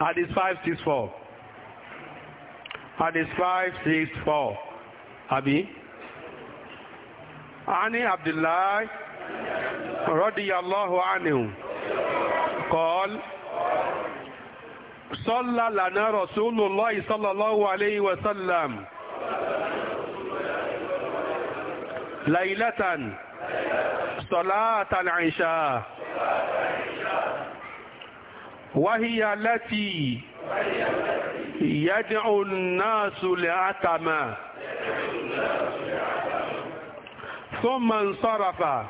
Hadith 564. Hadith 564. Abi. Ani Abdullah radiyallahu anhu. Qal صلى لنا رسول الله صلى الله عليه وسلم ليلة صلاة العشاء وهي التي يدعو الناس لعتمة ثم انصرف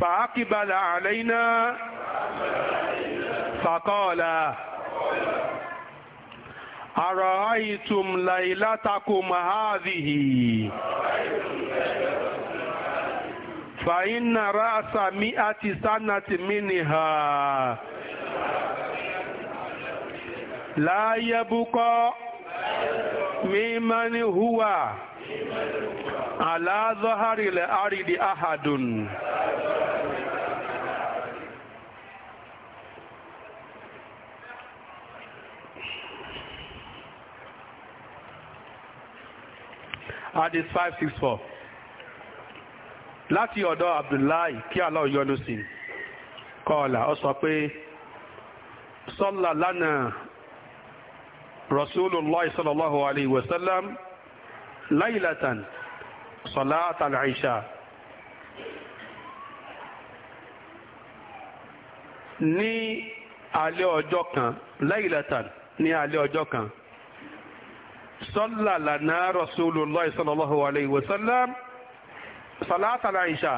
فأقبل علينا فقال أرأيتم ليلتكم هذه فإن رأس مئة سنة منها لا يبقى ممن هو على ظهر الأرض أحد Hadith 564. láti ọ̀dọ̀ Abdullahi kí Allah yọ́nú sí kọ́ọ̀là ó sọ pé sọ́là lánàá Rasulullah sallallahu alayhi wa sallam laylatan salat al-isha ní alẹ́ ọjọ́ kan laylatan ní alẹ́ ọjọ́ kan sọ́là lánàá Rasulullah sallallahu alayhi wa sọlátàlá ìṣà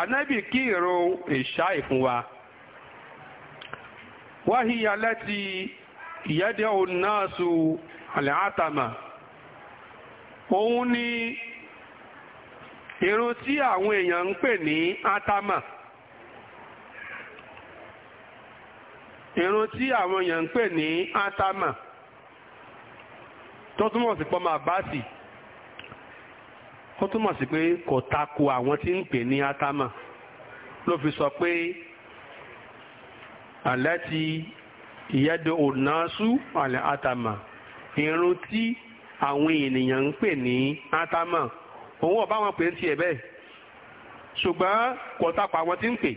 ànábì kí ìrun ìṣà ìfún wa wáhíyà láti ìyẹ́dẹ́ onáàsù àlẹ́átàmà òun ni ìrun tí àwọn èèyàn ń pè ní átàmà ìrun tí àwọn èèyàn ń pè ní átàmà tó túmọ̀ sí pọ́mà báàsì ó túmọ̀ sí pé kò tako àwọn tí ń pè ní atama ló fi sọ pé àláti ìyẹ́dọ̀ ònàṣú àlẹ́ atama irun tí àwọn ènìyàn ń pè ní atama òun ọ̀bá wọn pè ń tiẹ̀ bẹ́ẹ̀ ṣùgbọ́n kò tako àwọn tí ń pè.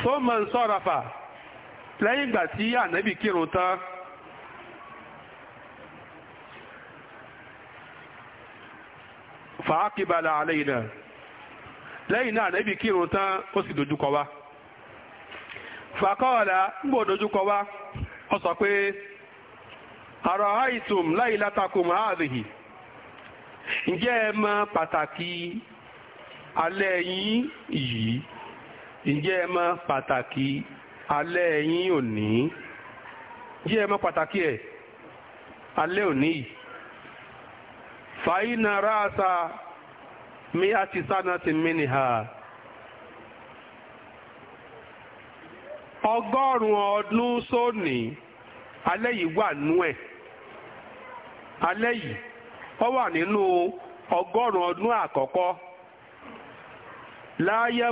fọ́ọ̀mù sọ̀ràfà lẹ́yìn ìgbà tí ànábì kírun tán. fàákìbàlà alẹ́ ìnà lẹ́yìn náà níbi kírun tán ó sì dojúkọ wá fàkọ́ọ̀lá ń sọ pé àrọ̀ àìsùn láì látakùn ǹjẹ́ ẹ mọ pàtàkì alẹ́ yi yìí ǹjẹ́ ẹ mọ pàtàkì alẹ́ yín òní ǹjẹ́ ẹ mọ pàtàkì ẹ alẹ́ fàyínà ráàsà mi àti sánàtì mìnìhà ọgọ́rùn-ún ọdún sóní alẹ́ yìí wà nú ẹ̀ alẹ́ yìí ó wà nínú ọgọ́rùn-ún ọdún àkọ́kọ́ ni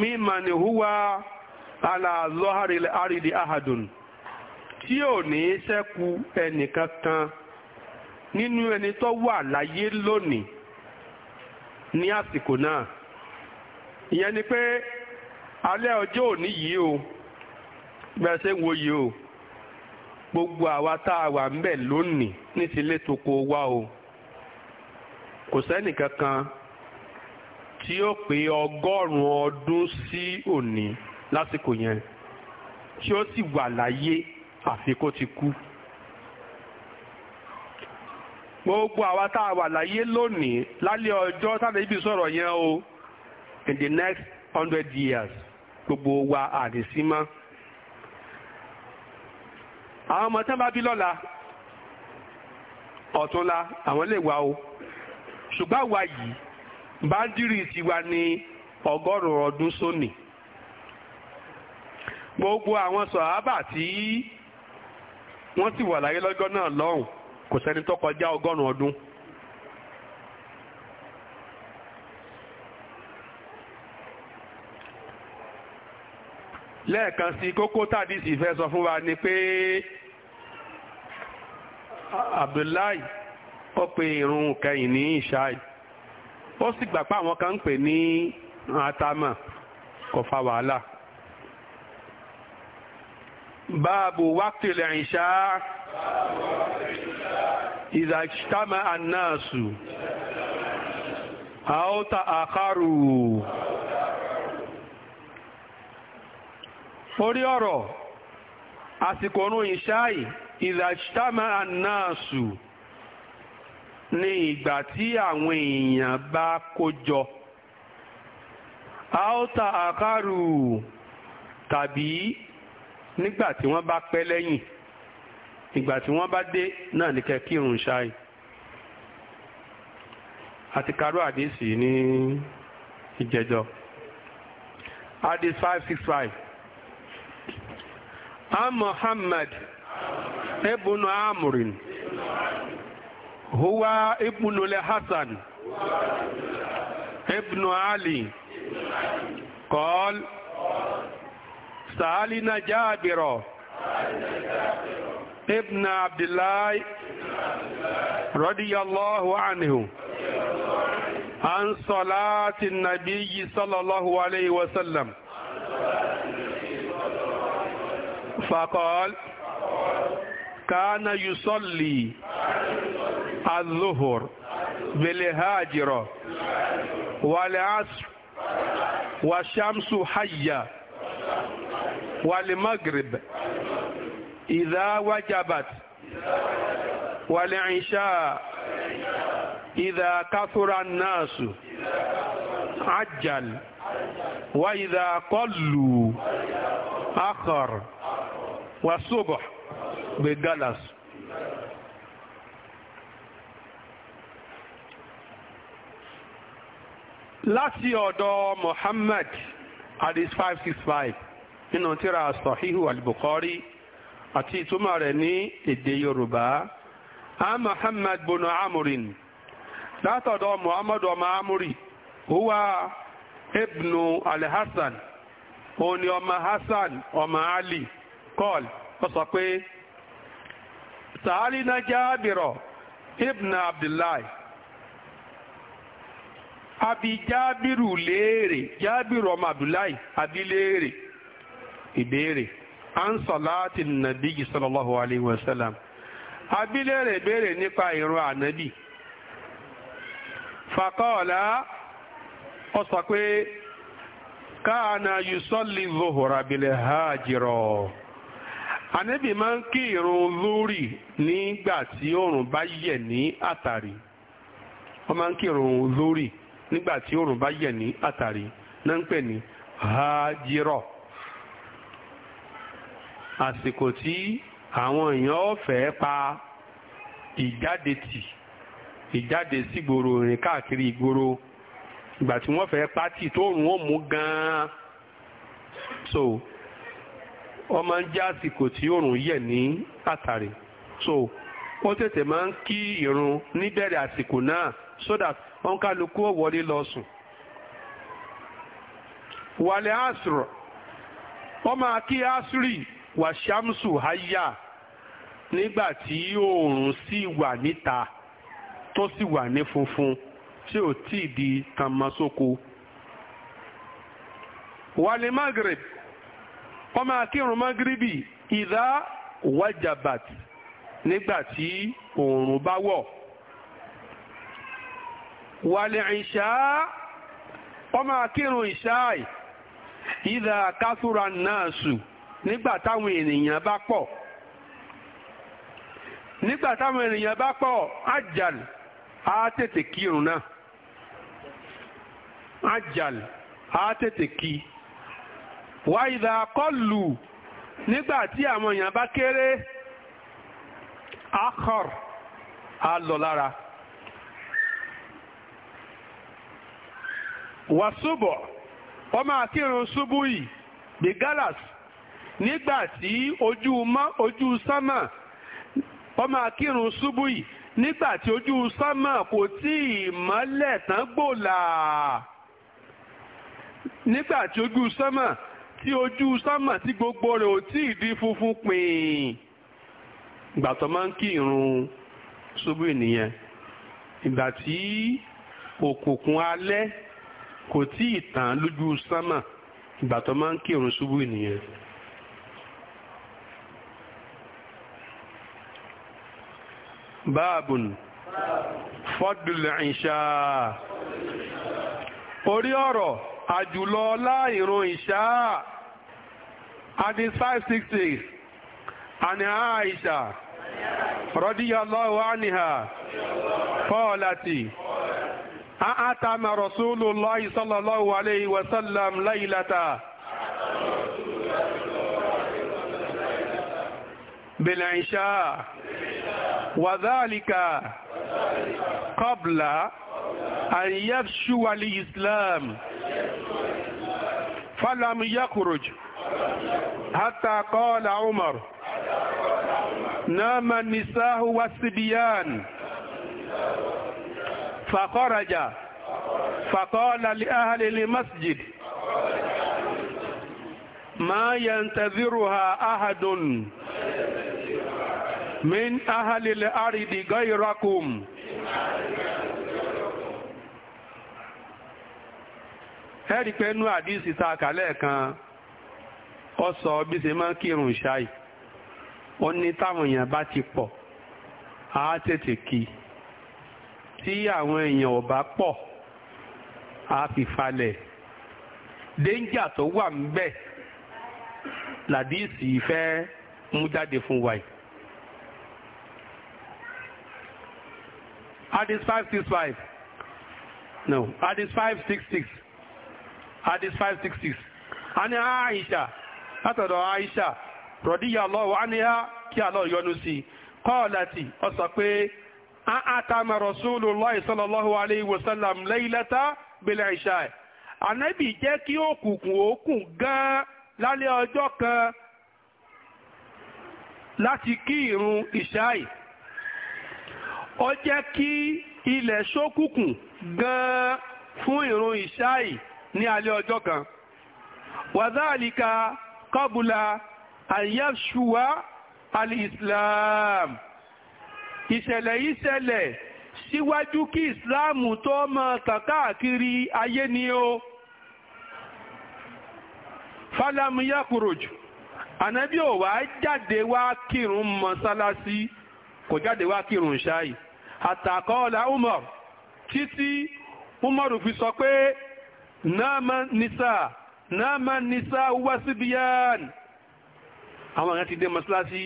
mímàníhúwa aláàzọ́ àrídìí ahadùn tí ò ní ṣẹ́kù ẹnìkan kan. kan nínú ẹni tó wà láyé lónìí ní àsìkò náà ìyẹn ni pé alẹ́ ọjọ́ òní yìí o bẹ́ẹ̀ ṣe ń wo yìí o gbogbo àwa tá a wà ń lónìí ní ti ilé toko wa o kò sẹ́nì kankan tí ó pé ọgọ́rùn-ún ọdún sí òní lásìkò yẹn tí ó sì wà láyé àfi kó ti kú. gbogbo àwa tá a wà láyé lónìí lálẹ́ ọjọ́ táwọn ibi sọ̀rọ̀ yẹn o in the next hundred years gbogbo wa àdìsí mọ́. àwọn ọmọ tán bá bí lọ́la ọ̀túnla àwọn lè wá o ṣùgbọ́n àwa yìí báńdírì tiwa ní ọgọ́rùn-ún ọdún gbogbo àwọn sọ̀hábà tí wọ́n ti wà láyé lọ́jọ́ náà lọ́hùn kò sẹ́ni tó kọjá ọgọ́rùn-ún ọdún. lẹ́ẹ̀kan sí kókó tàdísì fẹ́ sọ fún wa ni pé Abdullahi ó pe irun kẹyìn ní ìṣáì ó sì gbà pé àwọn kan ń pè ní atama kò fa wàhálà báàbù wákìlẹ̀ ìṣáà ìzàkítàmà ànáàsù àótà àkárù orí ọ̀rọ̀ àsìkò orun ìṣáì ìzàkítàmà ànáàsù ní ìgbà tí àwọn èèyàn bá kójọ àótà àkárù tàbí nígbà tí wọ́n bá pẹ́ lẹ́yìn ìgbà tí wọ́n bá dé náà ní kẹ́ kírun ṣáì àti karú àdìsí ní ìjẹjọ àdìs five six five am Muhammad ibnu amrin huwa ibnu le Hasan ibnu Ali qal sa'alina Jabiro. ابن عبد الله رضي الله عنه عن صلاة النبي صلى الله عليه وسلم فقال كان يصلي الظهر بالهاجرة والعصر والشمس حية والمغرب إذا وجبت والعشاء إذا كثر الناس عجل وإذا قلوا أخر والصبح بجلس لاتي محمد حديث 565 من تراث صحيح البخاري àti ìtumọ̀ rẹ̀ ní èdè yorùbá a muhammad bono amurin látọ̀dọ̀ muhammad ọmọ amuri huwa ibnu alhassan òun ni ọmọ hassan ọmọ ali kọ́l ó sọ pé sàárì náà jábìrọ̀ ibn abdullahi abi jábìrù léèrè jábìrù ọmọ abdullahi abi léèrè ìbéèrè. an salati nabi sallallahu alayhi wa sallam abilere béèrè nípa ìrun ànábì faqala ó sọ pé kana yusalli dhuhra bil hajira ànábì máa ń kí ìrun lórí nígbà tí oòrùn bá yẹ̀ ní àtàrí ó máa ń kí ìrun lórí nígbà tí oòrùn bá yẹ̀ ní àtàrí náà ń pè hajira àsìkò tí àwọn èèyàn ọ̀fẹ́ pa ìjáde tì ìjáde sígboro rìn káàkiri ìgboro ìgbà tí wọ́n fẹ́ pátì tó rùn ó mú gan-an so wọ́n máa ń jẹ́ àsìkò tí òòrùn yẹ̀ ní àtàrí so ó tètè máa ń kí ìrun níbẹ̀rẹ̀ àsìkò náà so that wọ́n kálukú ó wọlé lọ sùn. wàlẹ̀ àṣùrọ̀ wọ́n máa kí àṣùrì wàṣámsù haya nígbà tí oòrùn sì wà níta tó sì wà ní funfun tí ò tí ì di tàmásóko. wàlẹ̀ magreb ọmọ akírun magrebi ìdá wajabat nígbà tí oòrùn bá wọ̀ wàlẹ̀ ìṣá ọmọ akírun ìṣá ìdá kásúra náà sùn nígbà táwọn ènìyàn bá pọ̀ nígbà táwọn ènìyàn bá pọ̀ ajal á tètè kírun náà ajal á tètè kí wáyìdá kọlù nígbà tí àwọn èèyàn bá kéré akọr á lọ lára wàsúbọ̀ ọmọ akírun ṣubú yìí bí gálàsì nígbà tí ojú mọ́ ojú sánmà ọmọ akírun ṣubú yìí nígbà tí ojú sánmà kò tí ì mọ́lẹ̀ tán gbòòlà nígbà tí ojú sánmà tí ojú sánmà tí gbogbo rẹ̀ ò tí ì di funfun pìn ìgbà tó máa ń kírun ṣubú nìyẹn ìgbà tí òkùnkùn alẹ́ kò tí ì tàn lójú sánmà ìgbà tó máa ń kírun ṣubú nìyẹn. báàbùn fọ́dùlù ìṣà orí ọ̀rọ̀ àjùlọ láìrun ìṣà adis 566 àni àìṣà rọ́díyàlọ́wọ́ àníhà fọ́ọ̀láti àátàmà rọ̀súlù lọ́ ìsọ́lọ́lọ́wọ́ aléyìí wàsálàm láìlátà بالعشاء وذلك قبل أن يفشو الإسلام فلم يخرج حتى قال عمر نام النساء والصبيان فخرج فقال لأهل المسجد ما ينتظرها أحد من أهل الأرض غيركم ẹ̀rí pé nú àdísì ta kàlẹ́ kan ó sọ bí ṣe máa ń kírun ṣáì ó ní táwọn èèyàn bá ti pọ̀ á tètè kí tí àwọn èèyàn ò bá pọ̀ á fi falẹ̀ déńjà tó wà ń bẹ làdísì fẹ́ mú jáde fún wa Hadith 565. No, Hadith 566. Hadith 566. Ani Aisha, látọ̀dọ̀ Aisha, rọ̀díyà lọ́wọ́ aníhá kí àlọ́ yọnu sí. Kọ́ọ̀láti, ó sọ pé, "An àtàmà Rasulullahi sallallahu alayhi wa sallam laylata bil isha." Ànábì jẹ́ kí gan la le ojo kan lati ki irun ìṣáì. ó jẹ́ kí ilẹ̀ ṣókùnkùn gan-an fún ìrun ìṣáì ní alẹ́ ọjọ́ kan wàzáàlìkà kọbùlà àyẹ́ṣùwá alìsìláàm ìṣẹ̀lẹ̀ yìí ṣẹlẹ̀ síwájú kí ìsìláàmù tó máa tàn káàkiri ayé ni ó fálàmù yàkùròjù ànábí ò wá jáde wá kírun mọ́sálásí kò jáde wá kírun ṣáì àtàkọ́ọ̀lá umar títí umar fi sọ pé náàmà nìsà náàmà nìsà wá síbíyàn àwọn èèyàn ti dé mọ́sálásí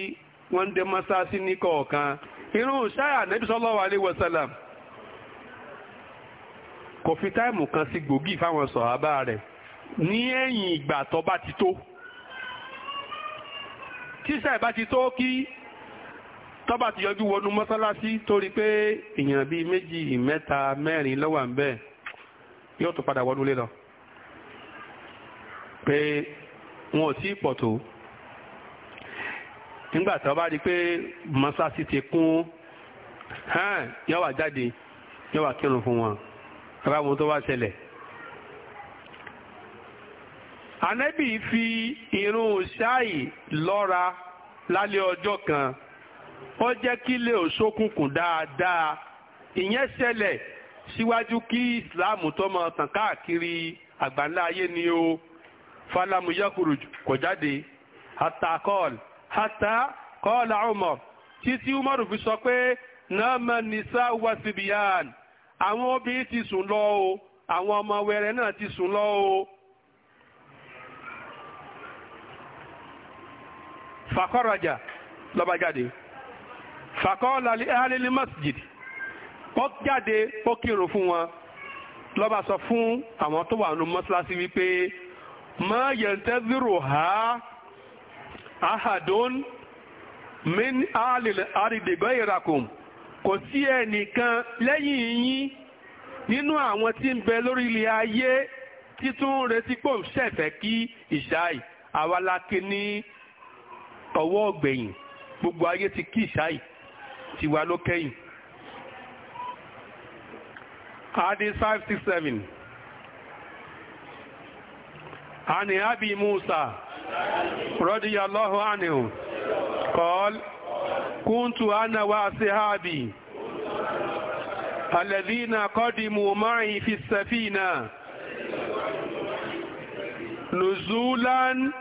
wọ́n dé mọ́sálásí ní kọ̀ọ̀kan irun ṣáà nẹ́bí sallallahu alaihi wasallam kò fi táìmù kan sí gbòógì fáwọn sọ̀hábà rẹ̀ ní ẹ̀yìn ìgbà tó bá ti tó tíṣà ìbá ti tó kí tọ́ba ti yọjú wọnú mọ́sálásí torí pé èèyàn bíi méjì mẹ́ta mẹ́rin lọ́wọ́ ń bẹ́ẹ̀ yóò tún padà wọnú lé lọ pé wọn ò tí ì pọ̀ tó nígbà tí wọ́n bá rí i pé mọ́sálásí ti kún yóò wá jáde yóò kírun fún wọn bàbá wọn tó wá ṣẹlẹ̀. Ànábì fi irun ṣáì lọ́ra lálẹ́ ọjọ́ kan ó jẹ́ kí ilé òṣókùnkùn dáadáa ìyẹn ṣẹlẹ̀ síwájú kí ìsìláàmù tó máa tàn káàkiri àgbáńlá ayé ni ó falamu yakuru kò jáde hata kọ́ọ̀lù hata kọ́ọ̀lù Umar títí Umar fi sọ pé nàmà nìsa wasibiyan àwọn obìnrin ti sùn lọ o àwọn ọmọ wẹrẹ náà ti sùn lọ o. fàkọ́rọ̀jà lọ́ba jáde fàkọ́ọ̀lá alẹ́lẹ́ masjid ó jáde ó kírun fún wọn ló bá sọ fún àwọn tó wà nù mọ́ṣáláṣí wípé ma yẹntẹ́zìrò ha ahadon min alil aridegbe irakum kò sí ẹnìkan lẹ́yìn yín nínú àwọn tí ń bẹ lórí ilẹ̀ ayé títún retí pò ń ṣẹ̀fẹ̀ kí ìṣáì àwa la ní ọwọ́ ọ̀gbẹ̀yìn gbogbo ayé ti kí ìṣáì tiwa ló kẹ́yìn. Adi five six seven. عن أبي موسى رضي الله عنه قال كنت أنا وأصحابي الذين قدموا معي في السفينة نزولا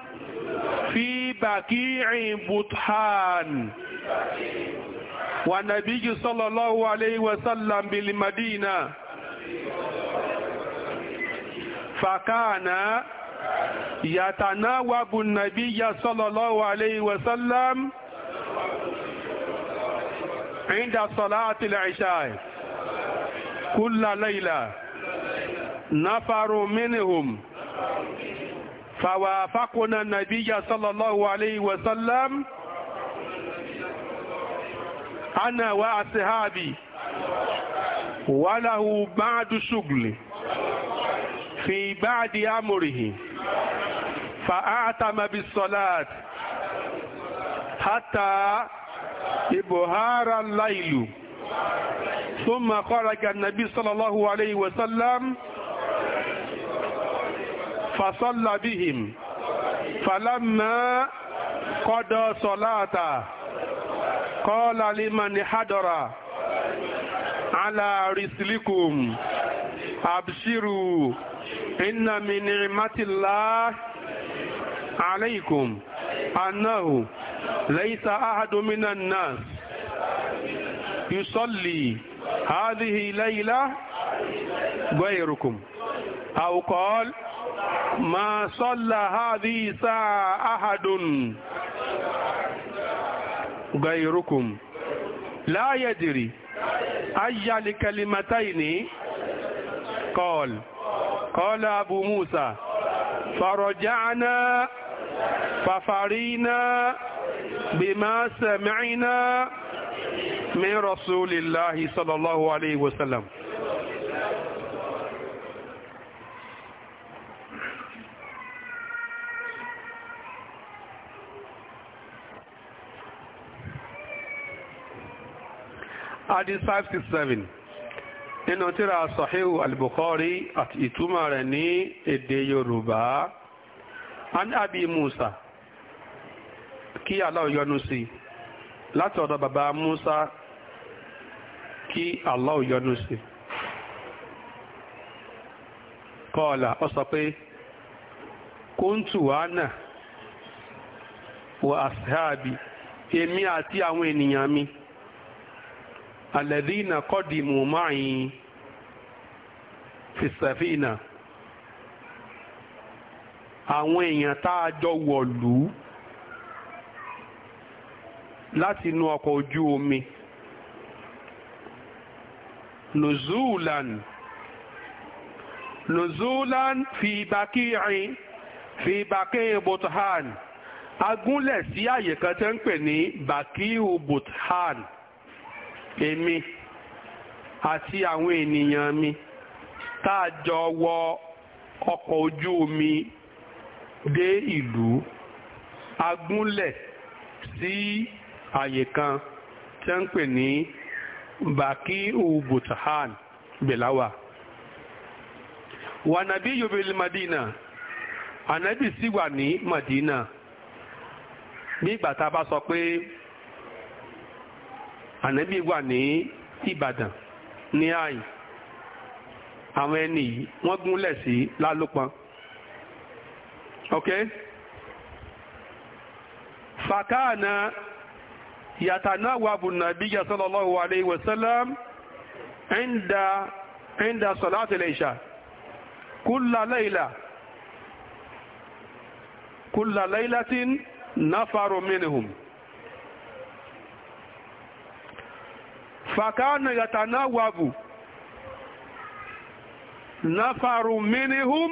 في بقيع بطحان والنبي صلى الله عليه وسلم بالمدينة فكان يتناوب النبي صلى الله عليه وسلم عند صلاة العشاء كل ليلة نفر منهم فوافقنا النبي صلى الله عليه وسلم أنا وأصحابي وله بعد شغل في بعد أمره فأعتم بالصلاة حتى إبهار الليل ثم خرج النبي صلى الله عليه وسلم فصلى بهم فلما قضى صلاته قال لمن حضر على رسلكم أبشروا إن من نعمة الله عليكم أنه ليس أحد من الناس يصلي هذه ليلة غيركم أو قال ما صلى هذه ساعة أحد غيركم لا يدري أي الكلمتين قال قال أبو موسى فرجعنا ففرينا بما سمعنا من رسول الله صلى الله عليه وسلم hadith 567 six seven nínú tíra sahihu al-bukhari àti ituma rẹ̀ ní èdè yorùbá an abi musa kí Allah sí láti ọ̀dọ̀ bàbá musa kí Allah yọ́nú sí kọ́ọ̀lá ó sọ pé kóńtù ana wa ashabi emi àti àwọn ènìyàn mi. alẹ́dínà kọ́dìmù máàyìn fìsàfínà àwọn èèyàn tá a jọ wọ̀lú láti inú ọkọ̀ ojú omi nuzulan nuzulan fi baki'in fi baki'in buthan agúnlẹ̀ sí àyè kan tẹ́ ń pè ní baki'u buthan. èmi àti àwọn ènìyàn mi tá a jọ wọ ọkọ̀ ojú omi dé ìlú agúnlẹ̀ sí àyè kan tí ń pè ní bakiu butahan belawa wà nàbí yorùbá madina ànábì sì wa ní madina nígbà tá a bá sọ pé. ànábì wà ní ìbàdàn ní àyè àwọn ẹni yìí wọ́n gúnlẹ̀ sí lálópọn ok fàkáàna yàtàná wà bùnàbí sallallahu alayhi wa sallam inda inda salati al-isha kulla layla kulla laylatin nafaru minhum fàkánà yàtàná wàbù náfàrù mínihùm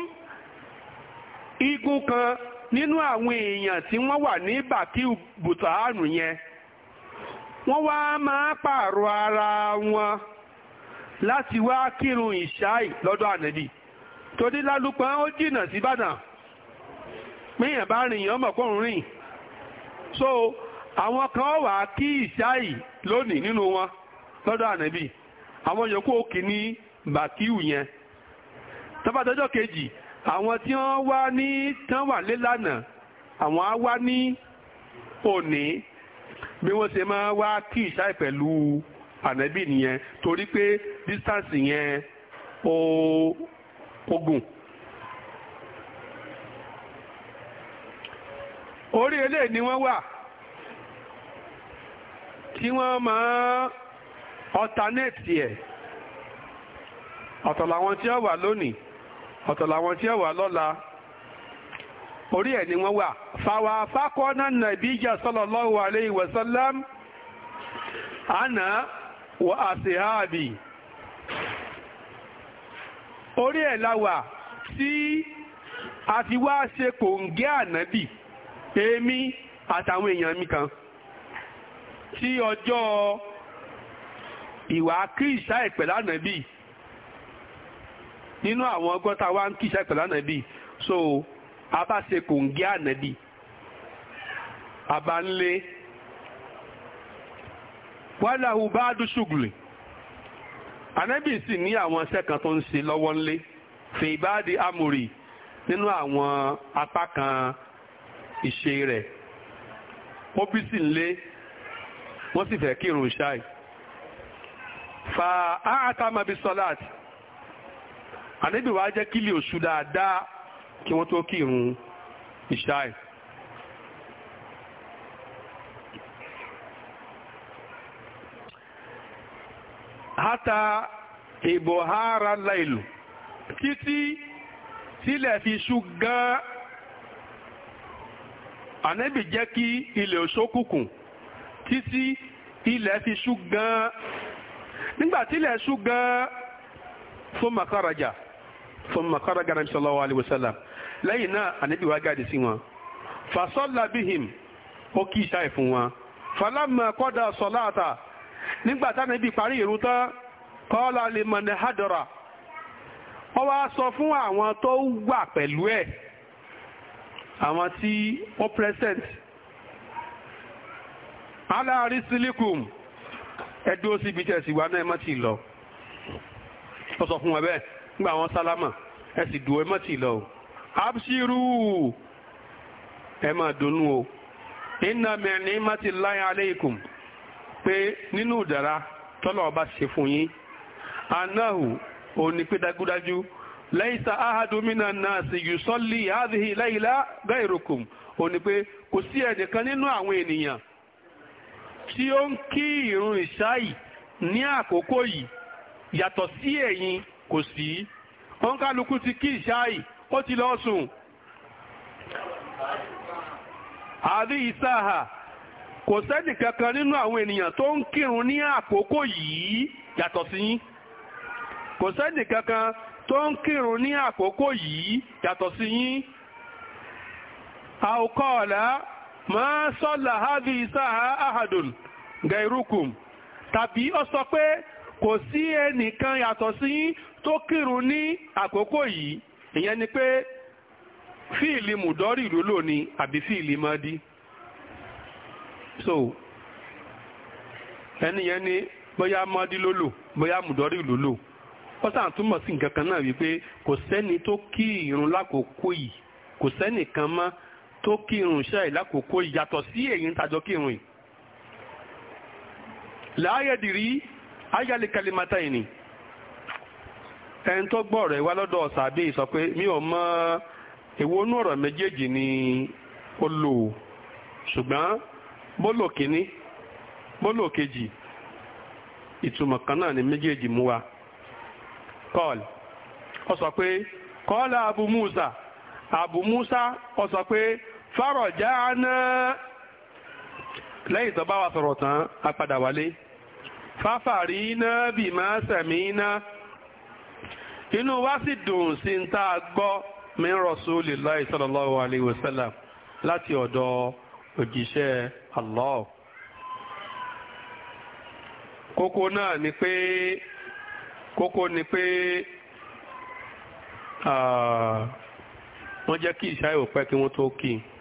igun kan nínú àwọn èèyàn tí wọ́n wà ní bàkí bùtàánù yẹn wọ́n wá máa pààrọ̀ ara wọn láti wá kírun ìṣáì lọ́dọ̀ ànẹ́bì torí lálùpọ̀ ó jìnà sí Ìbàdàn pínyàn bá rìn yàn rìn so àwọn kan wà kí ìṣáì lónìí nínú wọn lọ́dọ̀ ànábì àwọn yòókù òkè ní bàkíù yẹn tọ́bàtọ́jọ́ kejì àwọn tí wọ́n wá ní tán wà lélànà àwọn á wá ní òní bí wọ́n ṣe máa wá kí ìṣáì pẹ̀lú ànábì nìyẹn torí pé distance yẹn ó ogun. orí eléyìí ni wọ́n wà tí wọ́n máa alternate yẹ ọ̀tọ̀ làwọn tí ó wà lónìí ọ̀tọ̀ làwọn tí ó wà lọ́la orí ẹ̀ ni wọ́n wà fàwà fákọ́nà nàbíjà sallallahu alayhi wa sallam àná wà àṣìháàbì orí ẹ̀ la wà tí a fi wá ṣe kòǹgẹ́ ànábì èmi àtàwọn èèyàn mi kan tí ọjọ́ ìwà kíìsà ìpẹ̀lú ànábì nínú àwọn ọgọ́ta wa ń kíìsà ìpẹ̀lú ànábì so abáṣe kò ń gé ànábì abanlé wàláhù bá dúṣùgùlì ànábì sì ní àwọn iṣẹ́ kan tó ń ṣe lọ́wọ́ ńlé fèbáàdì amòrì nínú àwọn apá kan ìṣe rẹ̀ ó bí sì ń lé wọ́n sì fẹ́ kírun ṣáì fa àtàmà bí sọláàtì ànábì wa jẹ́ kílì oṣù dáadáa kí wọ́n tó kírun ìṣáì. hata ìbò hara lailu títí sílẹ̀ fi ṣú gan-an ànábì jẹ́ kí ilẹ̀ òṣókùnkùn títí ilẹ̀ fi ṣú gan nígbà tí ilẹ̀ ṣú gan-an fún makaraja fún makaraja nabi sallallahu alayhi wa sallam lẹ́yìn náà ànábì gáàdì sí wọn fasọ́lá bíhìm ó kí ìṣáì fún wọn falamma kọ́dà Sọláàtà nígbà tí ànábì parí ìrun tán kọ́lá lè mọ̀nà hádọ́rà wọ́n wá sọ fún àwọn tó wà pẹ̀lú ẹ̀ àwọn tí ó present aláàrí sílíkùn ẹ dúró síbi tí ẹ sì wá náà ẹ má tì lọ ó sọ fún wọn bẹ́ẹ̀ nígbà wọn sálámà ẹ sì dúró ẹ má tì lọ o ẹ máa dunnú o inna min ni'mati llahi alaykum pé nínú ìdára tọ́lọ̀ ọba ṣe fún yín anahu òní pé dágúdájú laysa ahadu minan nasi yusalli hadhihi òní pé kò sí tí ó ń kí ìrun ìṣáì ní àkókò yìí yàtọ̀ sí ẹ̀yin kò sí ọ̀nkálukú ti kí ìṣáì ó ti lọ sùn àrí ìsáhà kò sẹ́nì kankan nínú àwọn ènìyàn tó ń kírun ní àkókò yìí yàtọ̀ sí kò sẹ́nì kankan tó ń kírun ní àkókò yìí yàtọ̀ sí ma sọ́là hábí sáà ahadùn gairukum tàbí ó sọ pé kò sí ẹnìkan yàtọ̀ sí tó kírun ní àkókò yìí ìyẹn ni pé fíìlì mùdọ́rì lólò ni àbí fíìlì mọ́dí so ẹni yẹn ni bóyá mọ́dí lólò bóyá mùdọ́rì lólò ó sàn túmọ̀ sí nǹkan kan náà wípé kò sẹ́ni tó kí ìrun lákòókò yìí kò sẹ́nìkan mọ́ tó kírun iṣẹ́ ìlákòókò yàtọ̀ sí èyí tàjọ kírun yìí láyẹ̀dìrí ayálẹ̀ kalimata yìí ni ẹni tó gbọ́ rẹ̀ wá lọ́dọ̀ ọ̀sàbí sọ pé mi ò mọ èwo inú ọ̀rọ̀ méjèèjì ni ó lò ṣùgbọ́n bólò kínní bólò kejì ìtumọ̀ kan náà ni méjèèjì mú wa kọ́ọ̀lù ó sọ pé kọ́ọ̀lù abu musa abu musa ó sọ pé fárọ̀já náà lẹ́yìn tó bá wa sọ̀rọ̀ tán a padà wálé fáfàrí náà bì máa sẹ̀mí náà inú wa sì dùn sí ń tá a gbọ́ min Rasulillahi sallallahu alaihi wasallam láti ọ̀dọ̀ òjíṣẹ́ Allah kókó náà ni pé kókó ni pé wọ́n jẹ́ kí ìṣáyò pẹ́ kí wọ́n tó kí i.